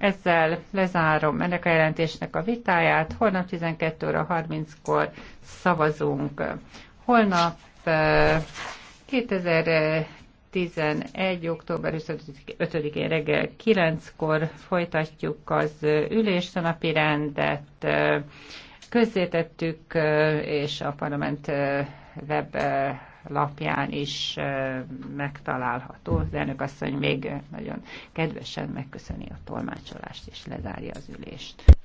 Ezzel lezárom ennek a jelentésnek a vitáját. Holnap 12 óra 30-kor szavazunk. Holnap 2011. Eh, október 5-én reggel 9-kor folytatjuk az ülést, a napi rendet eh, közzétettük, és a parlament web lapján is megtalálható. Az elnök asszony még nagyon kedvesen megköszöni a tolmácsolást, és lezárja az ülést.